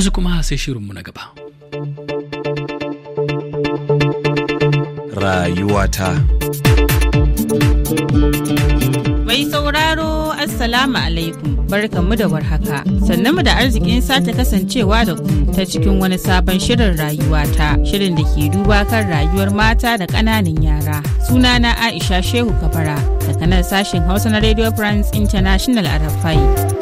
yanzu kuma sai shirinmu na gaba. Rayuwata Mai sauraro Assalamu alaikum barkamu da warhaka mu da arzikin sata kasancewa da ku ta cikin wani sabon shirin rayuwata shirin da ke duba kan rayuwar mata da ƙananan yara sunana Aisha Shehu kafara daga nan sashen Hausa na Radio France International a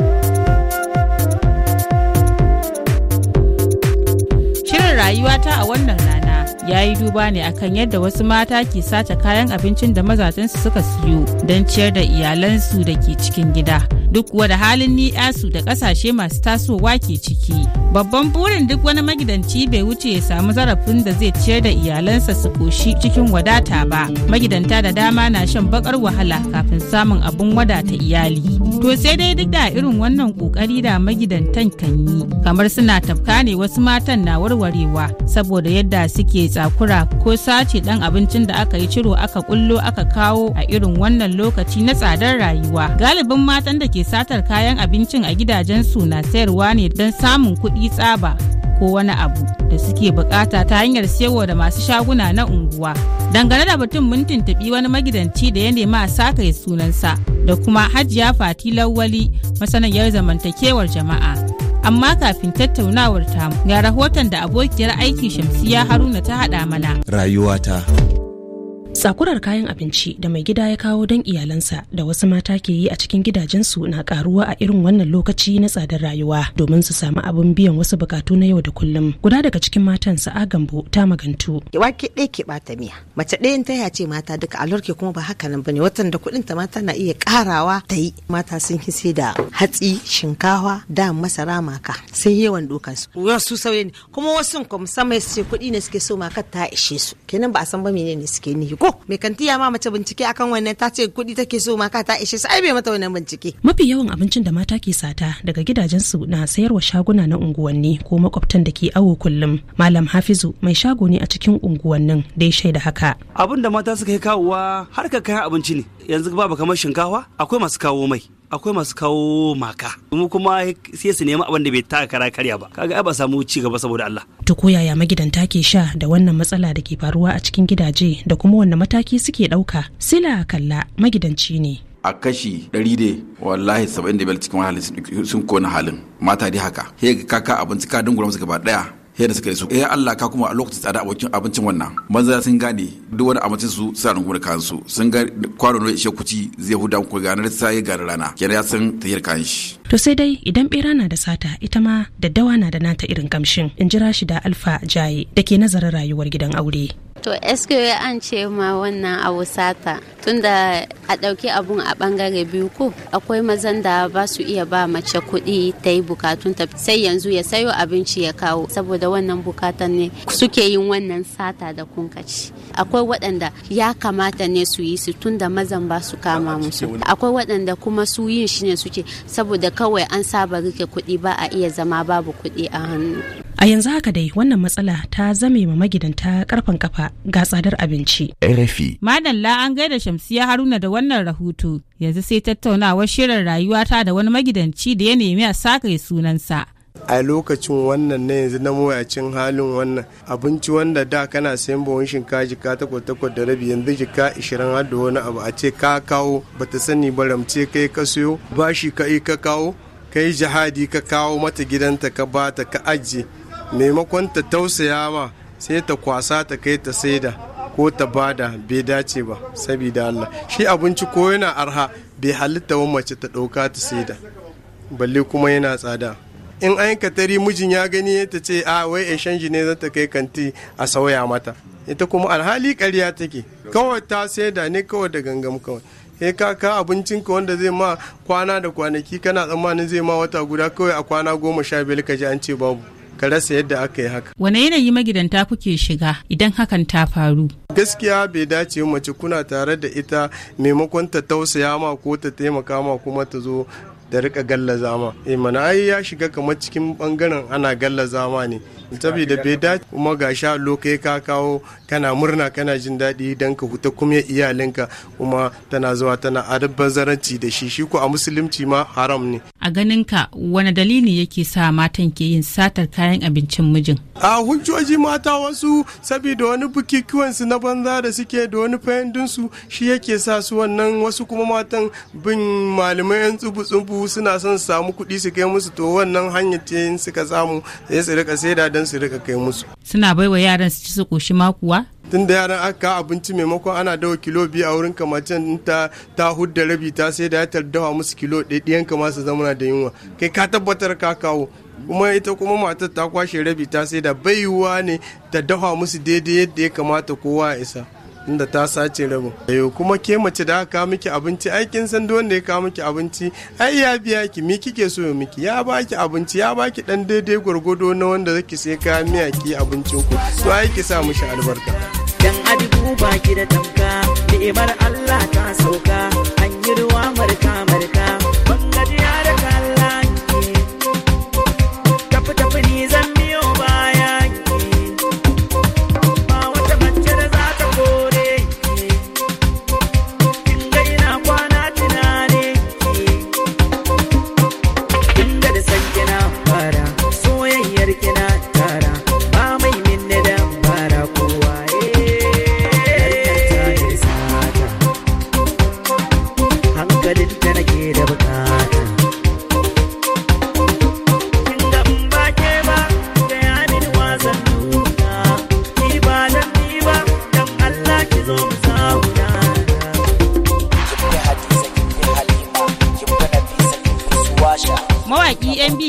rayuwata a wannan rana ya yi duba ne akan yadda wasu mata ke sace kayan abincin da mazajensu suka siyo don ciyar da iyalansu da ke cikin gida duk wada halin ni'yasu da kasashe masu tasowa ke ciki babban burin duk wani magidanci bai wuce ya samu zarafin da zai ciyar da iyalansa su koshi cikin wadata ba magidanta da dama na shan bakar wahala kafin samun abun wadata iyali to sai dai duk da irin wannan kokari da magidantan kan yi kamar suna tafka ne wasu matan na warwarewa saboda yadda suke tsakura ko sace dan abincin da aka yi ciro aka kullo aka kawo a irin wannan lokaci na tsadar rayuwa galibin matan da ke ke satar kayan abincin a gidajensu na sayarwa ne don samun kuɗi tsaba ko wani abu da suke bukata ta hanyar siyarwa da masu shaguna na unguwa. Dangane da batun mun tuntuɓi wani magidanci da ya nema a saka sunansa da kuma Hajiya Fati Lawali masanayyar zamantakewar jama'a. amma kafin tattaunawar tamu ga rahoton da abokiyar aiki shamsiya haruna ta haɗa mana rayuwata Sakurar kayan abinci da mai gida ya kawo don iyalansa da wasu mata ke yi a cikin gidajensu na karuwa a irin wannan lokaci na tsadar rayuwa domin su samu abin biyan wasu bukatu na yau da kullum. Guda daga cikin matan sa'a gambo ta magantu. Wake ɗaya ke bata miya. Mace ɗayan ta ce mata duka alurke kuma ba haka nan bane watan da kuɗin ta mata na iya karawa ta yi. Mata sun yi sai da hatsi, shinkawa, da masara maka sai yawan su. Wasu sauye ne kuma wasu kuma sama ce kuɗi ne suke so maka ta ishe su. Kenan ba a san ba menene suke ni. ko mai kantiya ma mace bincike akan wannan ta ce kuɗi take so ma ka ta ishe su bai mata wannan bincike mafi yawan abincin da mata ke sata daga gidajensu na sayarwa shaguna na unguwanni ko makwabtan da ke awo kullum malam hafizu mai shago ne a cikin unguwannin da ya shaida haka abin da mata suka yi kawowa harkar kayan abinci ne yanzu babu kamar shinkafa akwai masu kawo mai akwai masu kawo maka mu kuma sai su nemi abin da bai taka kara karya ba kaga ai ba samu ci gaba saboda Allah to ko yaya magidanta ke sha da wannan matsala da ke faruwa a cikin gidaje da kuma wanne mataki suke dauka sila kalla magidanci ne a kashi 100 dai wallahi 75 cikin halin sun kona halin mata dai haka sai kaka abinci ka dungura musu gaba daya yadda suka su ya eh, Allah ka kuma a lokacin tsada abokin abincin wannan manza sun gane duk wani abincin su suna rungun da kansu sun ga kwano ne ishe kuci zai huda ku ganar sai garin rana kenan ya san ta kan shi to sai dai idan bera na da sata ita ma da dawa na da nata irin kamshin in jira shi da alfa jaye da ke nazarin rayuwar gidan aure To eske an ce ma wannan abu sata tunda a ɗauki abun a ɓangare biyu ko akwai mazan da ba su iya ba mace kuɗi ta yi bukatun ta sai yanzu ya sayo abinci ya kawo saboda wannan bukatan ne suke yin wannan sata da kunkaci. Akwai waɗanda ya kamata ne su yi su tunda mazan ba su kama musu. Akwai waɗanda kuma su yin shi ne suke saboda kawai an saba rike kuɗi ba a iya zama babu kuɗi a hannu. a yanzu haka dai wannan matsala ta zame ma magidanta karfan kafa ga tsadar abinci rfi madalla an gaida shamsiya haruna da wannan rahoto yanzu sai tattaunawar shirin rayuwa ta da wani magidanci da ya nemi a sake sunansa a lokacin wannan na yanzu na mawuyacin halin wannan abinci wanda da kana sayan bawon shinkafa jika takwas takwas da rabi yanzu jika ishirin har da wani abu a ce ka kawo bata sani ba ramce kai ka sayo bashi ka yi ka kawo kai jihadi ka kawo mata gidanta ka bata ka ajiye maimakon ta tausaya ma sai ta kwasa ta kai ta saida ko ta bada bai dace ba saboda Allah shi abinci ko yana arha bai halitta wa mace ta ɗauka ta saida balle kuma yana tsada in an katari mijin ya gani ta ce a wai shanji ne za ta kai kanti a sauya mata ita kuma alhali ƙarya take kawai ta saida ne kawai da gangam kawai sai ka ka abincinka wanda zai ma kwana da kwanaki kana tsammanin zai ma wata guda kawai a kwana goma sha biyar ka ji an ce babu ka rasa yadda aka yi haka. Wane yanayi magidanta kuke shiga idan hakan ta faru? Gaskiya bai dace mace kuna tare da ita maimakon ta tausaya ma ko ta taimaka ma kuma ta zo da rika gallaza zama E eh mana ai ya shiga kamar cikin bangaren ana gallaza zama ne. Saboda bai dace kuma ga sha lokai ka kawo kana murna kana jin daɗi dan ka huta kuma iyalinka kuma tana zuwa tana adabazaranci da shi shi ko a musulunci ma haram ne a ganin ka wani dalili yake sa matan ke yin satar kayan abincin mijin a hujjoji mata wasu saboda wani bukikiwan su na banza da suke da wani fahimdin shi yake sa su wannan wasu kuma matan bin malamai yan tsubu-tsubu suna son su samu kuɗi su kai musu to wannan hanyar ta yin suka samu sai su rika saida don su rika kai musu suna baiwa yaran su ci su ƙoshi makuwa tun da yaran aka abinci maimakon ana dawa kilo biyu a wurin kamacin ta ta hudda rabi ta sai da ya tardawa musu kilo ɗaiɗiyan kama su zamana da yunwa kai ka tabbatar ka kawo kuma ita kuma matar ta kwashe rabi ta sai da baiwa ne ta dawa musu daidai yadda ya kamata kowa ya isa inda ta sace rabin ayo eh, kuma ke mace da aka miki abinci ai kin san wanda ya kawo miki abinci ai ya biya ki me kike so ya miki ya baki abinci ya baki dan daidai gwargwado na wanda zaki sai ka miya ki abincin ku to ai ki sa mishi albarka dan ba ki da tamka ni'imar Allah ta sauka an yi ruwa marka kama.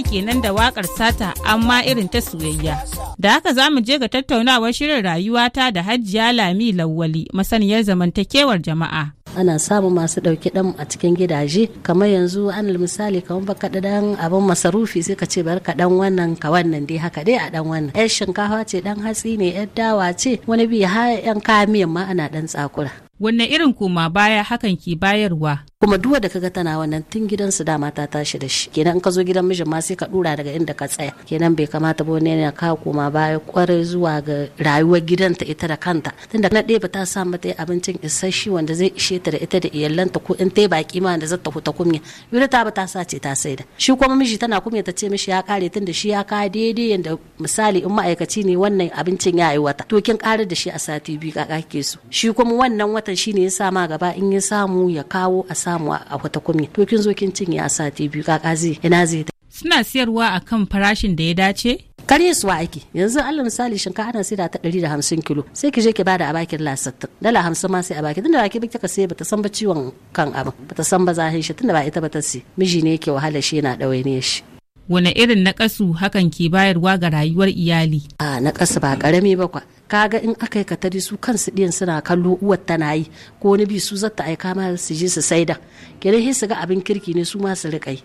kenan da wakar sata amma irin ta soyayya. Da haka za mu je ga tattaunawar shirin rayuwata da hajjiya Lami Lawwali masaniyar zamantakewar jama'a. ana samun masu ɗauki ɗan a cikin gidaje kamar yanzu an misali kamar baka ɗan abin masarufi sai ka ce bar ka ɗan wannan ka wannan dai haka dai a ɗan wannan yar shinkafa ce ɗan hatsi ne yar dawa ce wani biyu har yan kamiyan ma ana ɗan tsakura wanne irin koma baya hakan ke bayarwa kuma duk da kaga tana wannan tun gidansu dama ta tashi da shi kenan in ka zo gidan mijin ma sai ka dura daga inda ka tsaya kenan bai kamata ba ne yana kawo koma baya kwarai zuwa ga rayuwar ta ita da kanta tunda na ɗaya ba ta sa mata abincin isasshe wanda zai ishe ta da ita da iyalanta ko in ta baki ma da zata huta kumya yuri ta ba ta sa ce ta saida shi kuma miji tana kunya ta ce mishi ya kare tunda shi ya ka daidai yanda misali in ma'aikaci ne wannan abincin ya yi wata to kin karar da shi a sati biyu kaka ke su shi kuma wannan watan shine ya sa ma gaba in ya samu ya kawo a samu a wata kwami to kin zo kin cinye a sati biyu kaka ina zai suna siyarwa a kan farashin da ya dace? Karye suwa aiki yanzu Allah misali shinkafa ana saida ta ɗari da hamsin kilo sai ki je ki bada a bakin lasattin dala hamsin ma sai a baki tunda bi kika sai bata san ba ciwon kan abin bata san ba zahin shi tunda ba ita bata si miji ne yake wahala shi yana ɗawainiyar shi. Wane irin nakasu hakan ke bayarwa ga rayuwar iyali? A na naƙasu ba ƙarami ba kwa kaga in aka yi katari su kansu ɗiyan suna kallo uwar tana yi ko wani bi su zata aika ma su je su saida kenan sai su ga abin kirki ne su ma su rika yi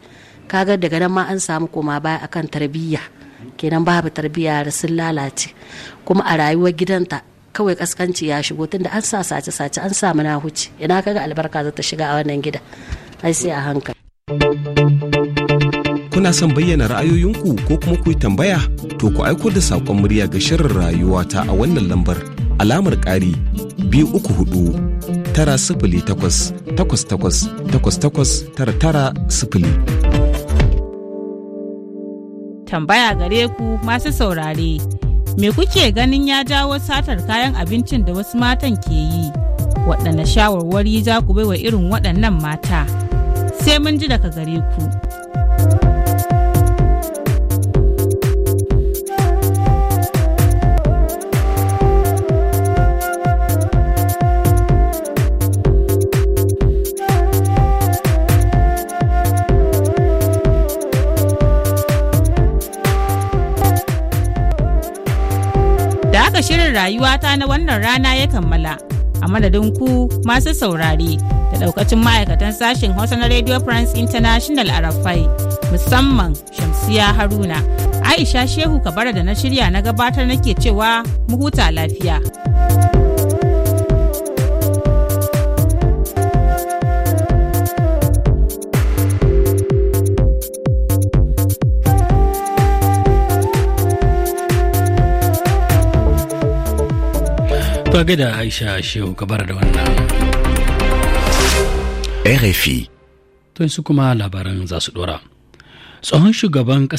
kaga daga nan ma an samu koma baya akan tarbiyya kenan babu tarbiyya da sun lalace kuma a rayuwar gidanta kawai kaskanci ya shigo tunda an sa sace sace an samu na huce ina kaga albarka za ta shiga a wannan gida ai sai a hankali kuna son bayyana ra'ayoyinku ko kuma ku yi tambaya to ku aiko da saƙon murya ga shirin rayuwa ta a wannan lambar alamar ƙari biyu uku hudu tara sifili takwas takwas takwas takwas takwas tara tara sifili. Tambaya gare ku masu saurare, me kuke ganin ya jawo satar kayan abincin da wasu matan ke yi? Waɗanne shawarwari za ku baiwa irin waɗannan mata? Sai mun ji daga gare ku. rayuwata na wannan rana ya kammala. A madadin ku masu saurare da daukacin ma'aikatan sashen Hausa na Radio France International arafa'i, musamman Shamsiya Haruna. Aisha Shehu Kabara da na shirya na gabatar nake cewa mu huta lafiya. To da Aisha Shehu bar da wannan. RFI. To su kuma labaran za su dora. Tsohon shugaban